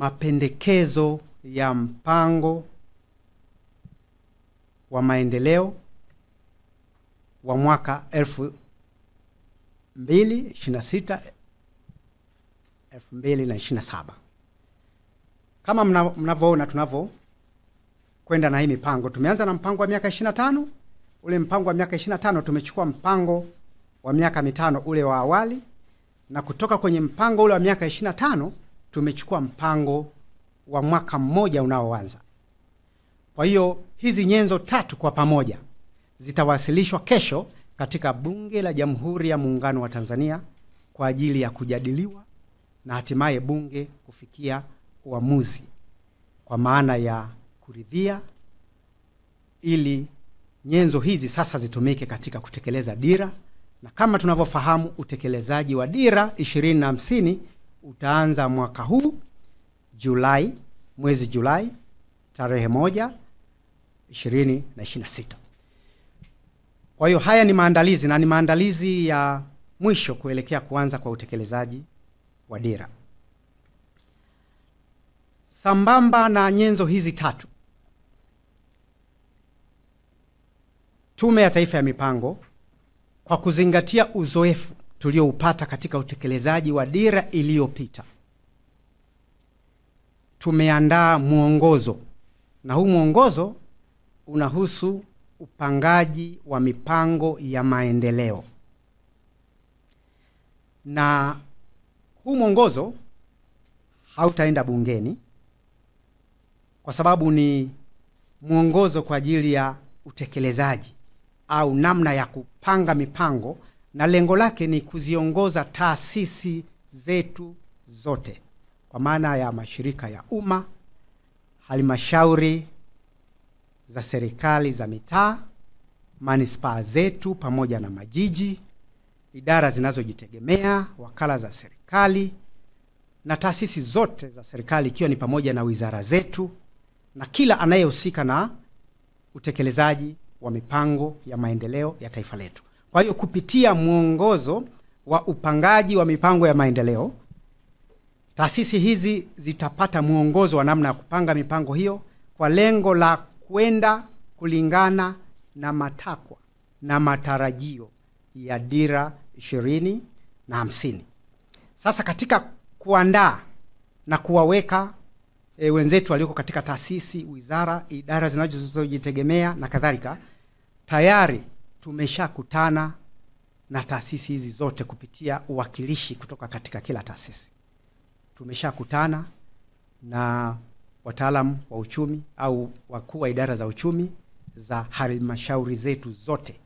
mapendekezo ya mpango wa maendeleo wa mwaka elfu mbili sita elfu mbili na saba Kama mnavyoona tunavyokwenda na hii mipango, tumeanza na mpango wa miaka ishirini tano ule mpango wa miaka ishirini tano tumechukua mpango wa miaka mitano ule wa awali, na kutoka kwenye mpango ule wa miaka ishirini tano tumechukua mpango wa mwaka mmoja unaoanza. Kwa hiyo hizi nyenzo tatu kwa pamoja zitawasilishwa kesho katika Bunge la Jamhuri ya Muungano wa Tanzania kwa ajili ya kujadiliwa na hatimaye bunge kufikia uamuzi kwa maana ya kuridhia, ili nyenzo hizi sasa zitumike katika kutekeleza dira, na kama tunavyofahamu utekelezaji wa dira 2050 na utaanza mwaka huu Julai, mwezi Julai tarehe moja 226 na sita. Kwa hiyo haya ni maandalizi na ni maandalizi ya mwisho kuelekea kuanza kwa utekelezaji wa dira. Sambamba na nyenzo hizi tatu, Tume ya Taifa ya Mipango kwa kuzingatia uzoefu tulioupata katika utekelezaji wa dira iliyopita. Tumeandaa mwongozo na huu mwongozo unahusu upangaji wa mipango ya maendeleo, na huu mwongozo hautaenda bungeni kwa sababu ni mwongozo kwa ajili ya utekelezaji au namna ya kupanga mipango na lengo lake ni kuziongoza taasisi zetu zote kwa maana ya mashirika ya umma, halmashauri za serikali za mitaa, manispaa zetu pamoja na majiji, idara zinazojitegemea, wakala za serikali na taasisi zote za serikali ikiwa ni pamoja na wizara zetu na kila anayehusika na utekelezaji wa mipango ya maendeleo ya taifa letu. Kwa hiyo kupitia mwongozo wa upangaji wa mipango ya maendeleo, taasisi hizi zitapata mwongozo wa namna ya kupanga mipango hiyo kwa lengo la kwenda kulingana na matakwa na matarajio ya dira ishirini na hamsini. Sasa katika kuandaa na kuwaweka e, wenzetu walioko katika taasisi, wizara, idara zinazojitegemea na kadhalika tayari tumeshakutana na taasisi hizi zote kupitia uwakilishi kutoka katika kila taasisi. Tumeshakutana na wataalamu wa uchumi au wakuu wa idara za uchumi za halmashauri zetu zote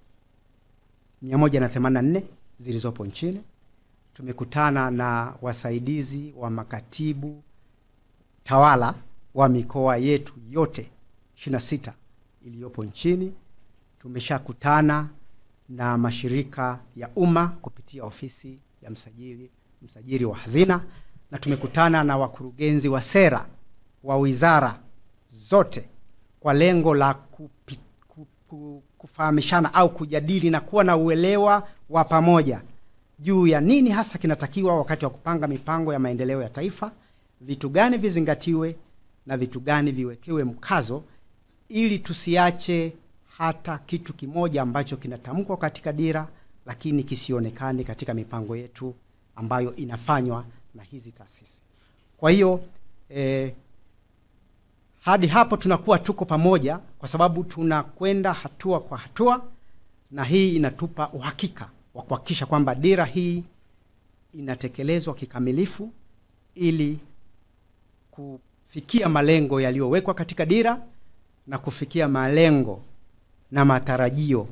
184 zilizopo nchini. Tumekutana na wasaidizi wa makatibu tawala wa mikoa yetu yote 26 iliyopo nchini tumeshakutana na mashirika ya umma kupitia ofisi ya msajili msajili wa hazina na tumekutana na wakurugenzi wa sera wa wizara zote kwa lengo la kupi, kupu, kufahamishana au kujadili na kuwa na uelewa wa pamoja juu ya nini hasa kinatakiwa wakati wa kupanga mipango ya maendeleo ya taifa, vitu gani vizingatiwe na vitu gani viwekewe mkazo, ili tusiache hata kitu kimoja ambacho kinatamkwa katika dira lakini kisionekane katika mipango yetu ambayo inafanywa na hizi taasisi. Kwa hiyo eh, hadi hapo tunakuwa tuko pamoja, kwa sababu tunakwenda hatua kwa hatua, na hii inatupa uhakika wa kuhakikisha kwamba dira hii inatekelezwa kikamilifu ili kufikia malengo yaliyowekwa katika dira na kufikia malengo na matarajio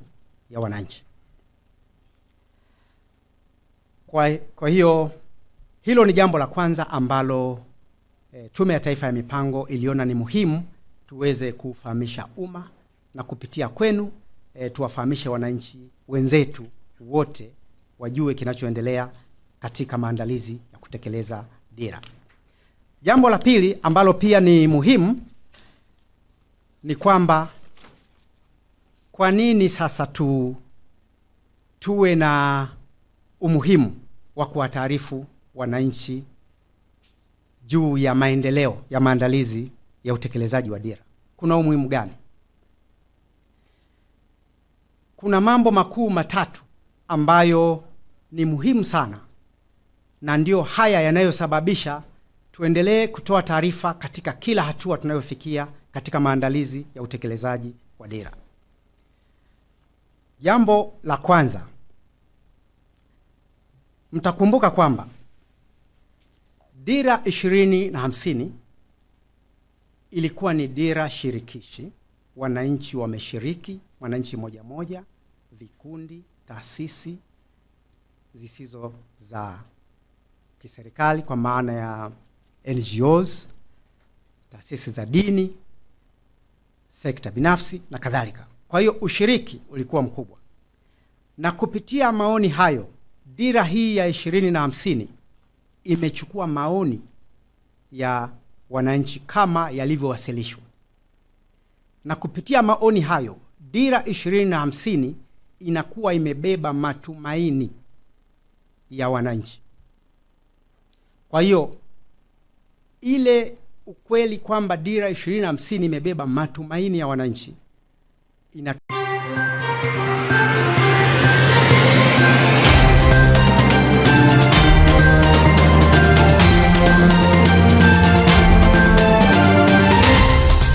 ya wananchi. Kwa, kwa hiyo hilo ni jambo la kwanza ambalo e, Tume ya Taifa ya Mipango iliona ni muhimu tuweze kufahamisha umma na kupitia kwenu e, tuwafahamishe wananchi wenzetu wote wajue kinachoendelea katika maandalizi ya kutekeleza dira. Jambo la pili ambalo pia ni muhimu ni kwamba kwa nini sasa tu tuwe na umuhimu wa kuwataarifu wananchi juu ya maendeleo ya maandalizi ya utekelezaji wa dira? Kuna umuhimu gani? Kuna mambo makuu matatu ambayo ni muhimu sana, na ndiyo haya yanayosababisha tuendelee kutoa taarifa katika kila hatua tunayofikia katika maandalizi ya utekelezaji wa dira. Jambo la kwanza, mtakumbuka kwamba dira ishirini na hamsini ilikuwa ni dira shirikishi, wananchi wameshiriki, wananchi moja moja, vikundi, taasisi zisizo za kiserikali kwa maana ya NGOs, taasisi za dini, sekta binafsi na kadhalika. Kwa hiyo ushiriki ulikuwa mkubwa, na kupitia maoni hayo dira hii ya ishirini na hamsini imechukua maoni ya wananchi kama yalivyowasilishwa, na kupitia maoni hayo dira ishirini na hamsini inakuwa imebeba matumaini ya wananchi. Kwa hiyo ile ukweli kwamba dira ishirini na hamsini imebeba matumaini ya wananchi いなく